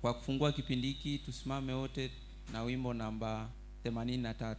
Kwa kufungua kipindi hiki tusimame wote na wimbo namba 83.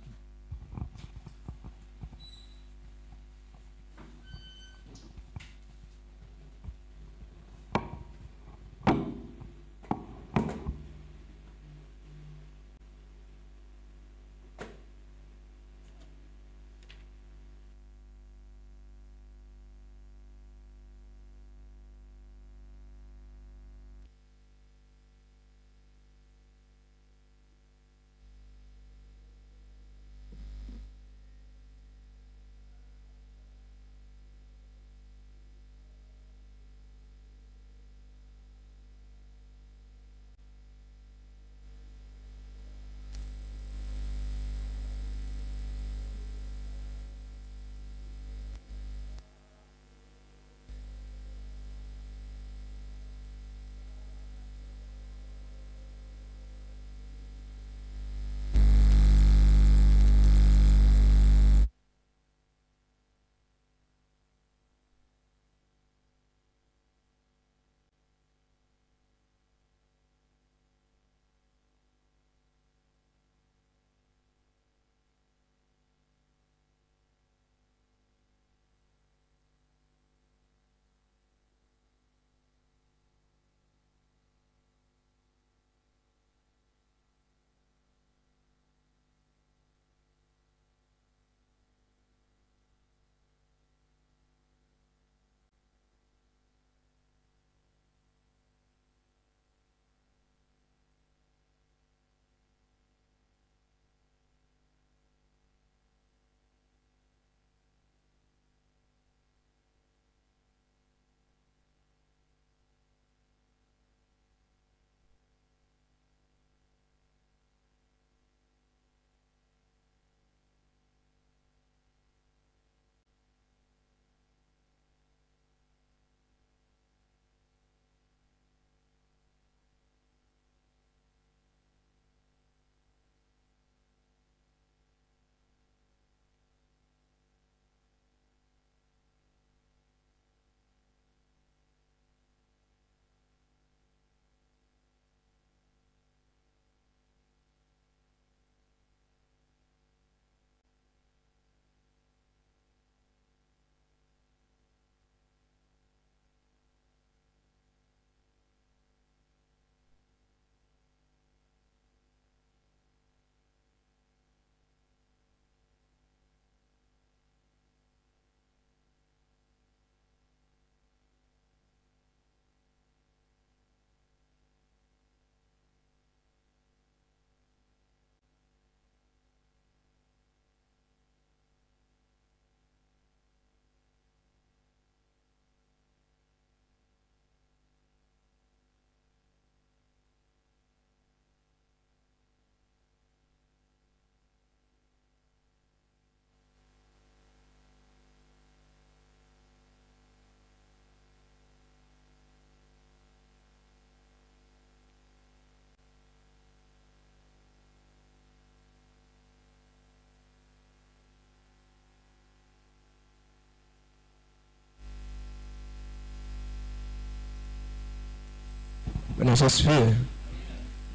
Bwana asifiwe.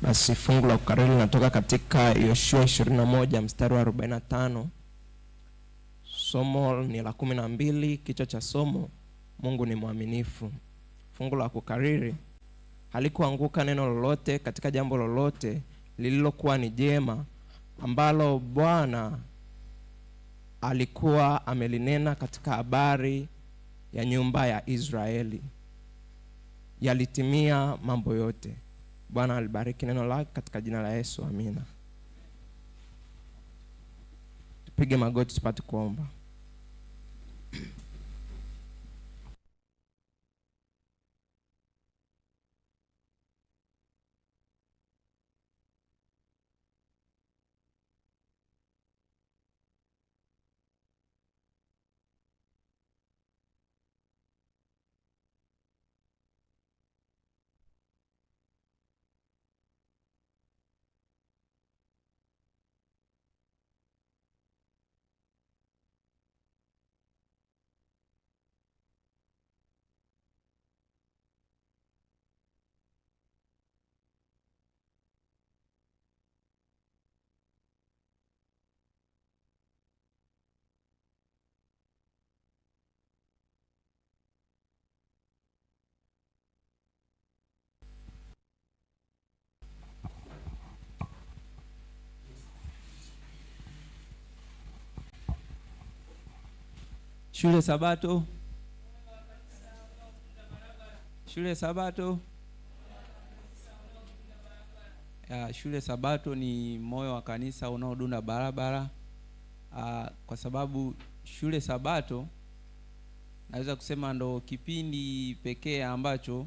Basi fungu la kukariri linatoka katika Yoshua 21 mstari wa 45. Somo ni la 12 kichwa cha somo Mungu ni mwaminifu. Fungu la kukariri halikuanguka neno lolote katika jambo lolote lililokuwa ni jema ambalo Bwana alikuwa amelinena katika habari ya nyumba ya Israeli yalitimia mambo yote. Bwana alibariki neno lake katika jina la Yesu, amina. Tupige magoti tupate kuomba. shule Sabato, shule Sabato ya shule Sabato ni moyo wa kanisa unaodunda barabara. Aa, ah, kwa sababu shule Sabato naweza kusema ndo kipindi pekee ambacho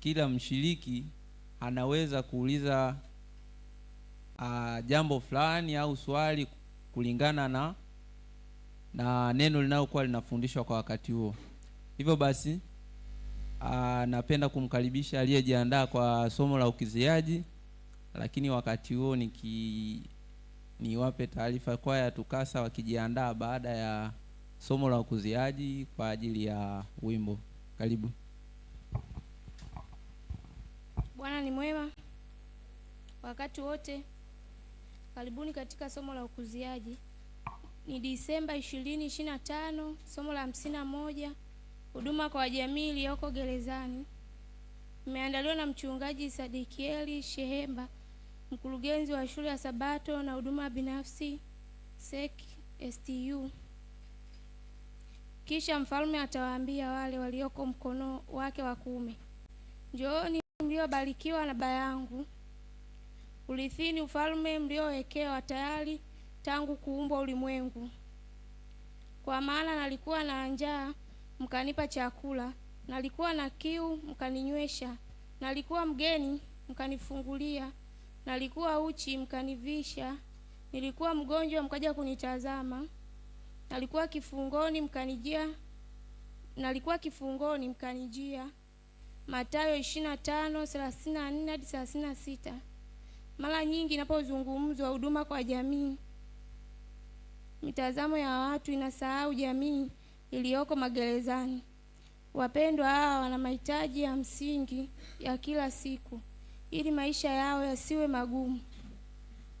kila mshiriki anaweza kuuliza aa, ah, jambo fulani au swali kulingana na na neno linalokuwa linafundishwa kwa wakati huo. Hivyo basi aa, ah, napenda kumkaribisha aliyejiandaa kwa somo la ukiziaji, lakini wakati huo niki niwape taarifa kwaya ya TUCASA wakijiandaa baada ya somo la ukuziaji kwa ajili ya wimbo. Karibu. Bwana ni mwema wakati wote. Karibuni katika somo la ukuziaji ni Disemba 2025, somo la 51, huduma kwa jamii iliyoko gerezani. Imeandaliwa na Mchungaji Sadikieli Shehemba, mkurugenzi wa shule ya Sabato na huduma binafsi SEC STU. Kisha mfalme atawaambia wale walioko mkono wake wa kuume, njooni mliobarikiwa na Baba yangu, urithini ufalme mliowekewa tayari tangu kuumbwa ulimwengu. Kwa maana nalikuwa na njaa, mkanipa chakula, nalikuwa na kiu, mkaninywesha, nalikuwa mgeni, mkanifungulia, nalikuwa uchi, mkanivisha, nilikuwa mgonjwa, mkaja kunitazama, nalikuwa kifungoni, mkanijia, nalikuwa kifungoni, mkanijia. Mathayo 25:34 hadi 36. Mara nyingi inapozungumzwa huduma kwa jamii Mitazamo ya watu inasahau jamii iliyoko magerezani. Wapendwa hawa wana mahitaji ya msingi ya kila siku ili maisha yao yasiwe magumu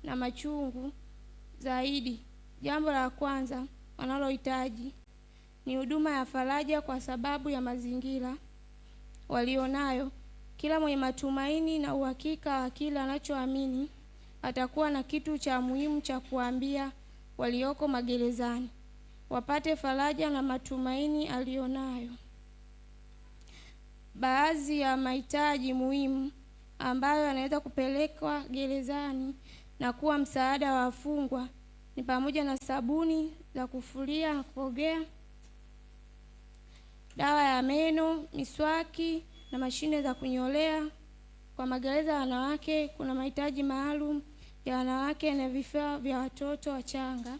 na machungu zaidi. Jambo la kwanza wanalohitaji ni huduma ya faraja kwa sababu ya mazingira walionayo. Kila mwenye matumaini na uhakika wa kile anachoamini atakuwa na kitu cha muhimu cha kuambia walioko magerezani wapate faraja na matumaini aliyonayo. Baadhi ya mahitaji muhimu ambayo yanaweza kupelekwa gerezani na kuwa msaada wa wafungwa ni pamoja na sabuni za kufulia na kuogea, dawa ya meno, miswaki na mashine za kunyolea. Kwa magereza ya wanawake kuna mahitaji maalum ya wanawake na vifaa vya watoto wachanga.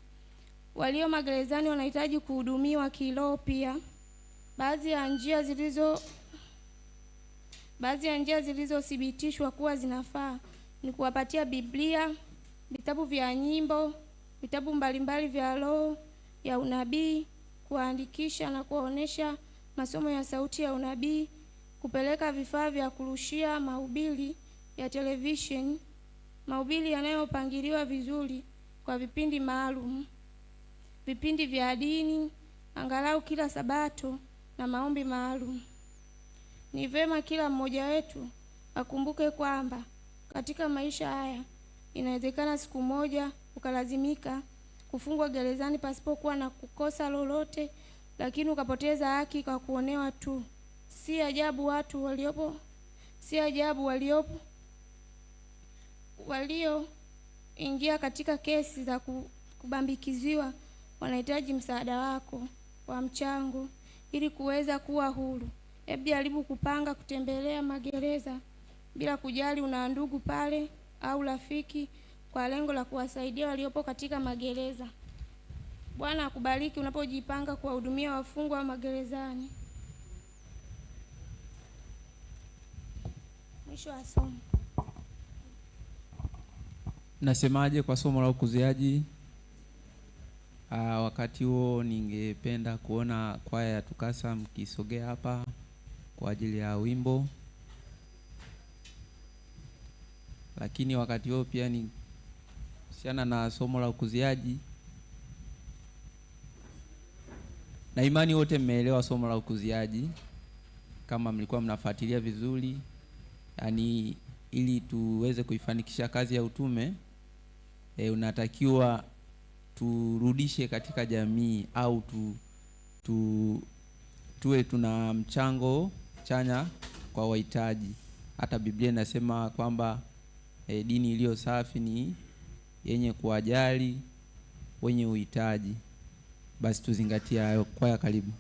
Walio magerezani wanahitaji kuhudumiwa kiroho pia. Baadhi ya njia zilizo baadhi ya njia zilizothibitishwa kuwa zinafaa ni kuwapatia Biblia, vitabu vya nyimbo, vitabu mbalimbali vya roho ya unabii, kuwaandikisha na kuwaonesha masomo ya sauti ya unabii, kupeleka vifaa vya kurushia mahubiri ya televisheni mahubiri yanayopangiliwa vizuri kwa vipindi maalum, vipindi vya dini angalau kila Sabato na maombi maalum. Ni vema kila mmoja wetu akumbuke kwamba katika maisha haya inawezekana siku moja ukalazimika kufungwa gerezani pasipokuwa na kukosa lolote, lakini ukapoteza haki kwa kuonewa tu. Si ajabu watu waliopo, si ajabu waliopo walioingia katika kesi za kubambikiziwa wanahitaji msaada wako wa mchango ili kuweza kuwa huru. Hebu jaribu kupanga kutembelea magereza bila kujali una ndugu pale au rafiki, kwa lengo la kuwasaidia waliopo katika magereza. Bwana akubariki unapojipanga kuwahudumia wafungwa wa magerezani. Mwisho wa somo. Nasemaje kwa somo la ukuziaji? Aa, ah, wakati huo ningependa kuona kwaya ya TUCASA mkisogea hapa kwa ajili ya wimbo, lakini wakati huo pia ni husiana na somo la ukuziaji, na imani wote mmeelewa somo la ukuziaji kama mlikuwa mnafuatilia vizuri, yaani ili tuweze kuifanikisha kazi ya utume e, unatakiwa turudishe katika jamii au tu, tu, tuwe tuna mchango chanya kwa wahitaji. Hata Biblia inasema kwamba e, dini iliyo safi ni yenye kuwajali wenye uhitaji. Basi tuzingatie hayo. Kwaya, karibu.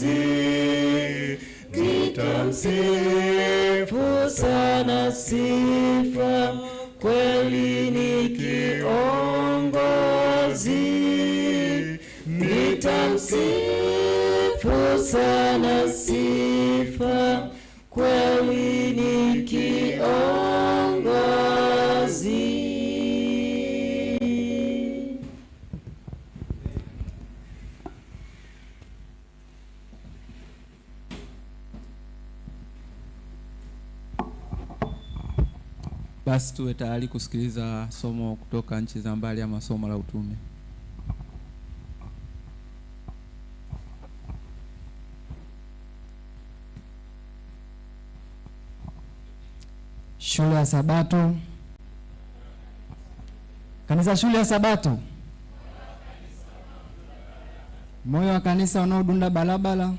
kazi, nitamsifu sana, sifa kweli ni kiongozi, nitamsifu sana basi tuwe tayari kusikiliza somo kutoka nchi za mbali ama somo la utume. Shule ya Sabato. Kanisa shule ya Sabato. Moyo wa kanisa unaodunda barabara.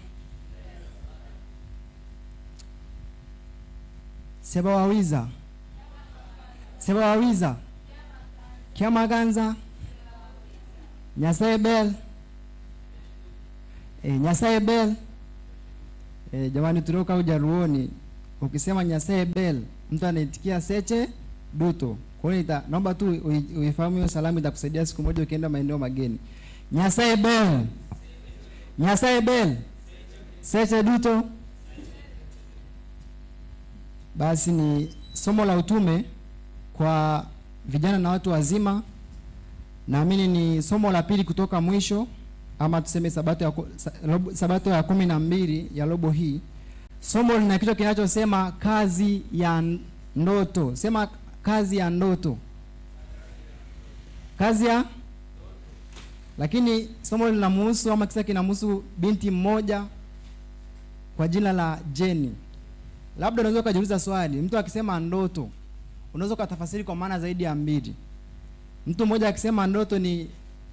Sebawawiza sebawiza kiamaganza nyasaye bel e, eh, nyasaye ber e, eh, jamani tutoka ujaruoni ukisema nyasaye bel mtu anaitikia seche duto kwa hiyo naomba tu uifahamu hiyo salamu itakusaidia siku moja ukienda maeneo mageni nyasaye bel nyasaye bel seche duto basi ni somo la utume kwa vijana na watu wazima. Naamini ni somo la pili kutoka mwisho ama tuseme sabato ya, sabato ya kumi na mbili ya robo hii. Somo lina kichwa kinachosema kazi ya ndoto. Sema kazi ya ndoto, kazi ya lakini somo linamhusu ama kisa kinamhusu binti mmoja kwa jina la Jeni. Labda unaweza ukajiuliza swali, mtu akisema ndoto unaweza ukatafasiri kwa maana zaidi ya mbili. Mtu mmoja akisema ndoto ni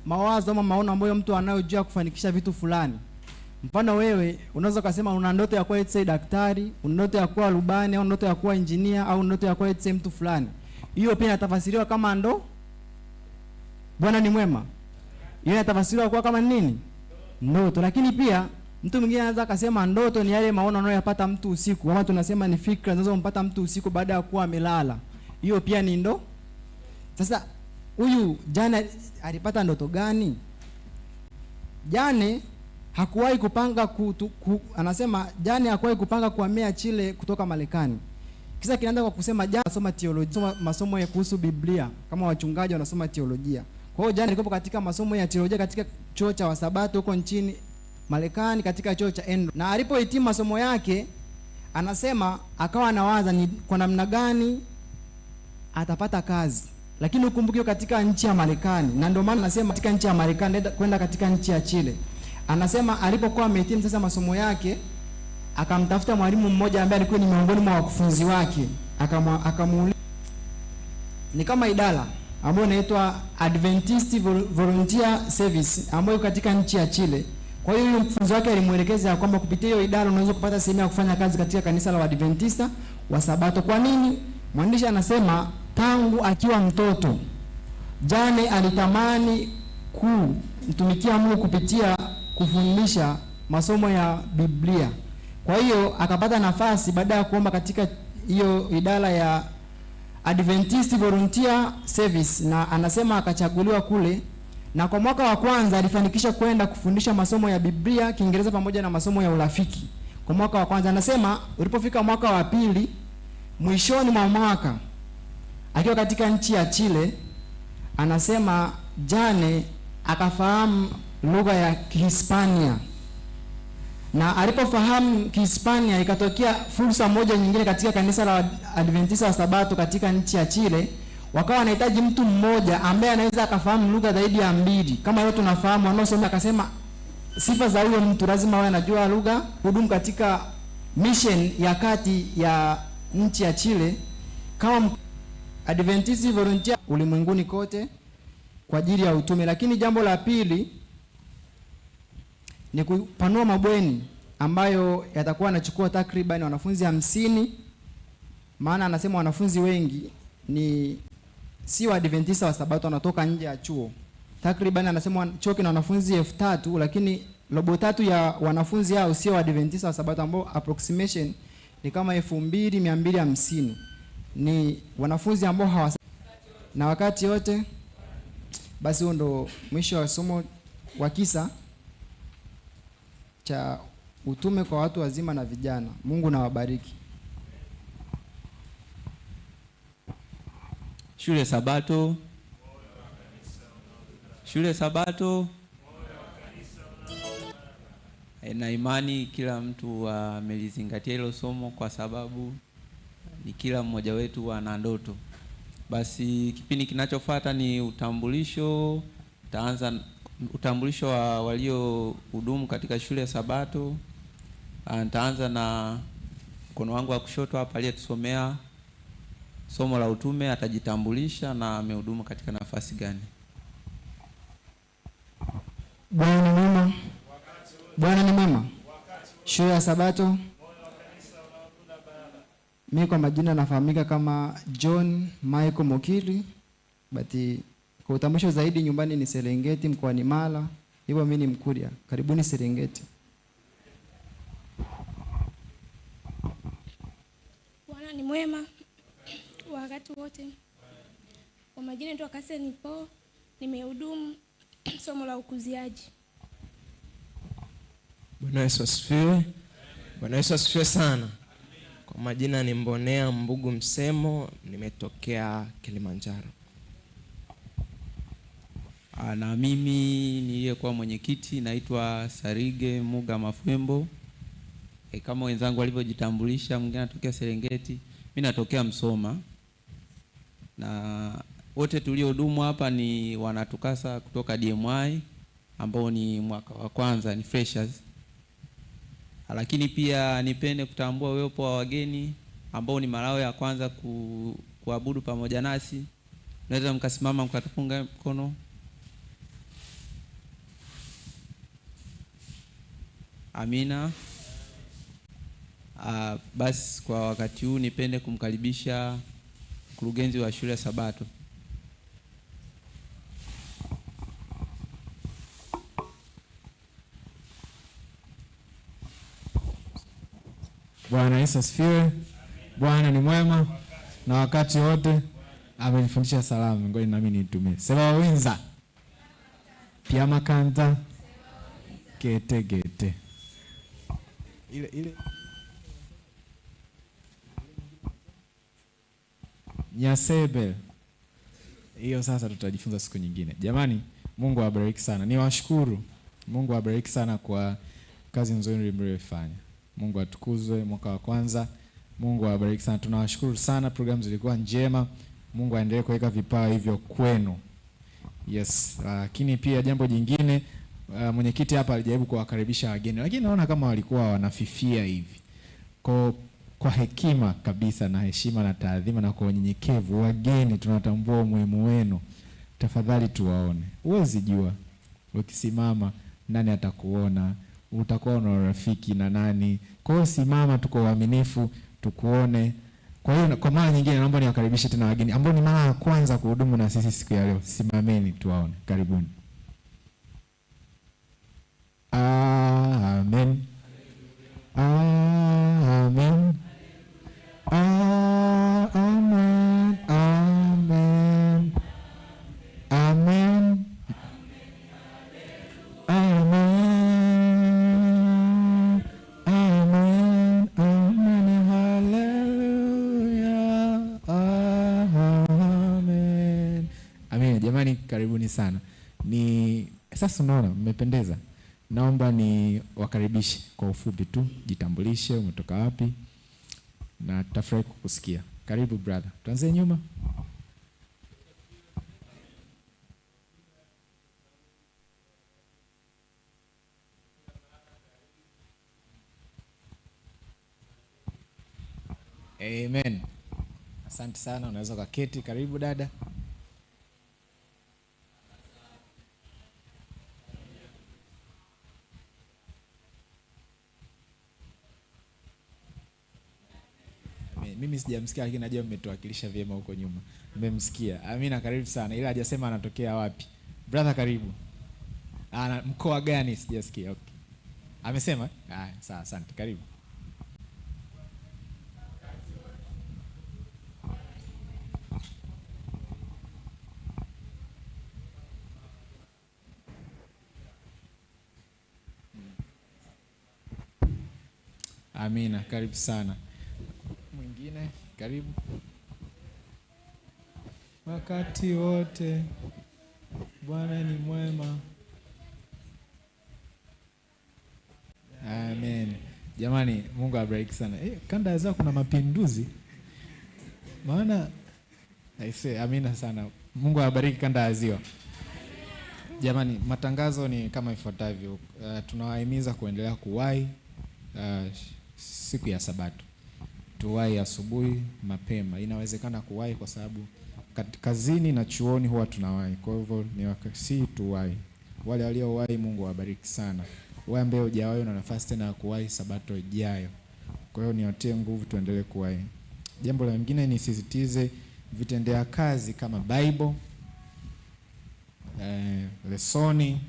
mawazo ama maono ambayo mtu anayojua kufanikisha vitu fulani. Mfano wewe unaweza ukasema una ndoto ya kuwa etse daktari, una ndoto ya kuwa rubani au ndoto ya kuwa injinia au ndoto ya kuwa etse mtu fulani. Hiyo pia inatafasiriwa kama ndo Bwana ni mwema. Hiyo inatafasiriwa kuwa kama nini? Ndoto. Lakini pia mtu mwingine anaweza akasema ndoto ni yale maono anayoyapata mtu usiku, ama tunasema ni fikra zinazompata mtu usiku baada ya kuwa amelala hiyo pia ni ndo. Sasa huyu Jane alipata ndoto gani? Jane hakuwahi kupanga kutu, ku, anasema Jane hakuwahi kupanga kuhamia Chile kutoka Marekani. Kisa kinaanza kwa kusema Jane anasoma theology, masomo ya kuhusu Biblia kama wachungaji wanasoma teolojia. Kwa hiyo Jane alikuwa katika masomo ya teolojia katika chuo cha Wasabato huko nchini Marekani katika chuo cha Endo. Na alipohitimu masomo yake anasema akawa anawaza ni kwa namna gani atapata kazi, lakini ukumbuke katika nchi ya Marekani, na ndio maana nasema katika nchi ya Marekani kwenda katika nchi ya Chile, anasema alipokuwa amehitimu sasa masomo yake, akamtafuta mwalimu mmoja ambaye alikuwa ni miongoni mwa wakufunzi wake, akamuuliza ni kama idara ambayo inaitwa Adventist Volunteer Service ambayo katika nchi ya Chile. Kwa hiyo yule mkufunzi wake alimwelekeza kwamba kupitia hiyo idara unaweza kupata sehemu ya kufanya kazi katika kanisa la Adventista wa Sabato. Kwa nini? Mwandishi anasema tangu akiwa mtoto. Jane alitamani kumtumikia Mungu kupitia kufundisha masomo ya Biblia. Kwa hiyo akapata nafasi baada ya kuomba katika hiyo idara ya Adventist Volunteer Service, na anasema akachaguliwa kule, na kwa mwaka wa kwanza alifanikisha kwenda kufundisha masomo ya Biblia, Kiingereza pamoja na masomo ya urafiki. Kwa mwaka wa kwanza anasema, ulipofika mwaka wa pili, mwishoni mwa mwaka akiwa katika nchi ya Chile anasema Jane akafahamu lugha ya Kihispania na alipofahamu Kihispania ikatokea fursa moja nyingine katika kanisa la Adventista wa Sabato katika nchi ya Chile, wakawa wanahitaji mtu mmoja ambaye anaweza akafahamu lugha zaidi ya mbili kama leo tunafahamu wanaosema. Akasema sifa za huyo mtu lazima awe anajua lugha, hudumu katika mission ya kati ya nchi ya Chile kama Adventist volunteer ulimwenguni kote kwa ajili ya utume. Lakini jambo la pili ni kupanua mabweni ambayo yatakuwa yanachukua takriban wanafunzi hamsini, maana anasema wanafunzi wengi ni si wa Waadventista wa Sabato, wanatoka nje ya chuo. Takriban anasema chuo kina wanafunzi elfu tatu lakini robo tatu ya wanafunzi hao sio wa Waadventista wa Sabato, ambao approximation ni kama elfu mbili mia mbili hamsini ni wanafunzi ambao hawasa na wakati wote. Basi huo ndo mwisho wa somo wa kisa cha utume kwa watu wazima na vijana. Mungu na wabariki. Shule Sabato, shule Sabato. Eh, na imani kila mtu amelizingatia hilo somo kwa sababu ni kila mmoja wetu ana ndoto. Basi kipindi kinachofuata ni utambulisho. Taanza utambulisho wa walio hudumu katika shule ya Sabato. Ah, nitaanza na mkono wangu wa kushoto hapa, aliyetusomea somo la utume atajitambulisha na amehudumu katika nafasi gani. Bwana ni mwema, Bwana ni mwema. Shule ya Sabato Mi kwa majina nafahamika kama John Michael Mokili, but kwa utambulisho zaidi nyumbani ni Serengeti mkoani Mara, hivyo mi ni Mkuria. Karibuni Serengeti. Bwana ni mwema wakati wote. Kwa majina ndo Akase nipo, nimehudumu somo la ukuziaji. Bwana Yesu asifiwe. Bwana Yesu asifiwe sana. Kwa majina ni Mbonea Mbugu Msemo, nimetokea Kilimanjaro. Ah, na mimi niliyekuwa mwenyekiti naitwa Sarige Muga Mafwembo. E, kama wenzangu walivyojitambulisha, mwingine anatokea Serengeti, mimi natokea Msoma, na wote tuliodumu hapa ni wanatukasa kutoka DMI ambao ni mwaka wa kwanza, ni freshers lakini pia nipende kutambua uwepo wa wageni ambao ni marao ya kwanza ku, kuabudu pamoja nasi, naweza mkasimama mkatupunga mkono. Amina. Uh, basi kwa wakati huu nipende kumkaribisha mkurugenzi wa shule ya Sabato. Bwana Yesu asifiwe. Bwana ni mwema na wakati wote amenifundisha salamu. Ngoja nami nitumie makanta pyamakanta getegete ile ile nyasebe hiyo. Sasa tutajifunza siku nyingine. Jamani, Mungu awabariki sana, niwashukuru. Mungu awabariki sana kwa kazi nzuri mlioifanya. Mungu atukuzwe mwaka wa kwanza. Mungu awabariki sana, tunawashukuru sana, programu zilikuwa njema. Mungu aendelee kuweka vipawa hivyo kwenu. Yes, lakini uh, pia jambo jingine uh, mwenyekiti hapa alijaribu kuwakaribisha wageni, lakini naona kama walikuwa wanafifia hivi. Kwa kwa hekima kabisa na heshima na taadhima na kwa unyenyekevu, wageni, tunatambua umuhimu wenu, tafadhali tuwaone. Huwezi jua ukisimama nani atakuona utakuwa una urafiki na nani. Kwa hiyo simama tu kwa uaminifu, tukuone. Kwa hiyo kwa mara nyingine naomba niwakaribishe tena wageni ambao ni mara ya kwanza kuhudumu na sisi siku ya leo. Simameni tuwaone. Karibuni. Yes, unaona mmependeza. Naomba ni wakaribishe kwa ufupi tu, jitambulishe, umetoka wapi, na tafurahi kukusikia. Karibu brother, tuanzie nyuma. Amen. Asante sana, unaweza ukaketi. Karibu dada. sijamsikia, lakini najua mmetuwakilisha vyema huko nyuma, mmemsikia. Amina, karibu sana, ila hajasema anatokea wapi. Brother, karibu. Ana mkoa gani? Sijasikia. Okay, amesema ah, sawa, asante, karibu. Amina, karibu sana mwingine karibu. Wakati wote Bwana ni mwema. Amen. Jamani, Mungu abariki sana. Eh, kanda zao kuna mapinduzi maana aise, amina sana. Mungu abariki kanda ya Ziwa. Jamani, matangazo ni kama ifuatavyo. Uh, tunawahimiza kuendelea kuwai uh, eh, siku ya Sabato tuwai asubuhi mapema. Inawezekana kuwai kwa sababu kazini na chuoni huwa tunawai kwa hivyo ni wakasi tuwai. Wale waliowahi Mungu awabariki sana. Wewe ambaye hujawahi una nafasi tena ya kuwahi sabato ijayo. Kwa hiyo niwatie nguvu, tuendelee kuwahi. Jambo la lingine nisisitize vitendea kazi kama Bible eh, lesoni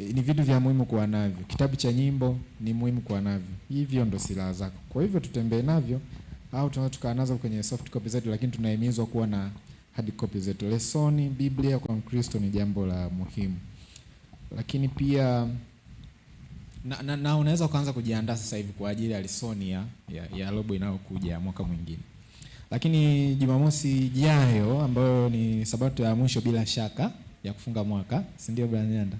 Eh, ni vitu vya muhimu kuwa navyo. Kitabu cha nyimbo ni muhimu kuwa navyo. Hivyo ndo silaha zako, kwa hivyo tutembee navyo, au tunaweza tukaa nazo kwenye soft copy zetu, lakini tunahimizwa kuwa na hard copy zetu. Lesoni, Biblia kwa Mkristo ni jambo la muhimu, lakini pia na, na, na unaweza kuanza kujiandaa sasa hivi kwa ajili ya lesoni ya, ya, ya robo inayokuja ya mwaka mwingine. Lakini Jumamosi ijayo ambayo ni sabato ya mwisho bila shaka ya kufunga mwaka, si ndio Bwana Nyanda?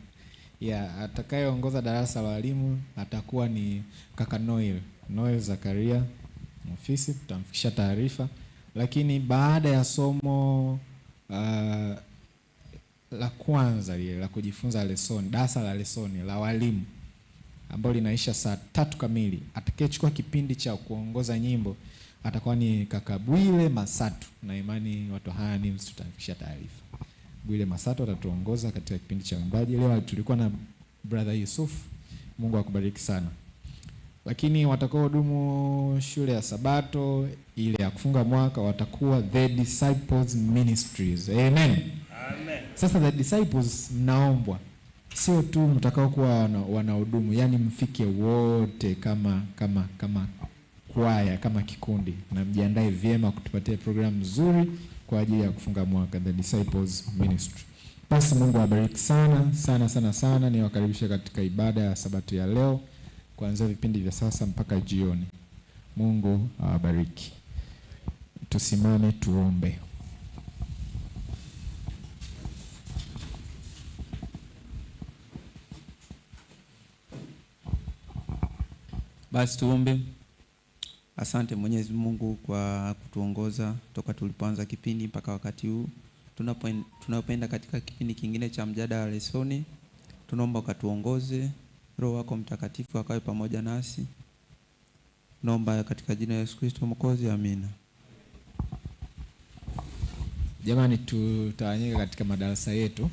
Yeah, atakayeongoza darasa la walimu atakuwa ni kaka Noel, Noel Zakaria ofisi, tutamfikisha taarifa. Lakini baada ya somo uh, la kwanza lile la kujifunza lesoni, darasa la lesoni la walimu ambalo linaisha saa tatu kamili, atakayechukua kipindi cha kuongoza nyimbo atakuwa ni kaka Bwile Masatu, na imani watu haya ni msitafikisha taarifa. Bwile Masato atatuongoza katika kipindi cha uimbaji. Leo tulikuwa na brother Yusuf, Mungu akubariki sana. Lakini hudumu shule ya Sabato ile ya kufunga mwaka watakuwa the disciples ministries. Amen. Amen. Sasa the disciples mnaombwa sio tu mtakao kuwa wanahudumu, yani mfike wote kama kama kama kwaya kama kikundi, na mjiandae vyema kutupatia programu nzuri kwa ajili ya kufunga mwaka the Disciples Ministry. Basi Mungu awabariki sana sana sana sana, niwakaribishe katika ibada ya sabato ya leo kuanzia vipindi vya sasa mpaka jioni. Mungu awabariki. Tusimame tuombe. Basi tuombe. Asante Mwenyezi Mungu kwa kutuongoza toka tulipoanza kipindi mpaka wakati huu tunapenda katika kipindi kingine cha mjadala lesoni. Tunaomba ukatuongoze, Roho wako Mtakatifu akawe pamoja nasi. Naomba katika jina la Yesu Kristo Mwokozi, amina. Jamani, tutawanyika katika madarasa yetu.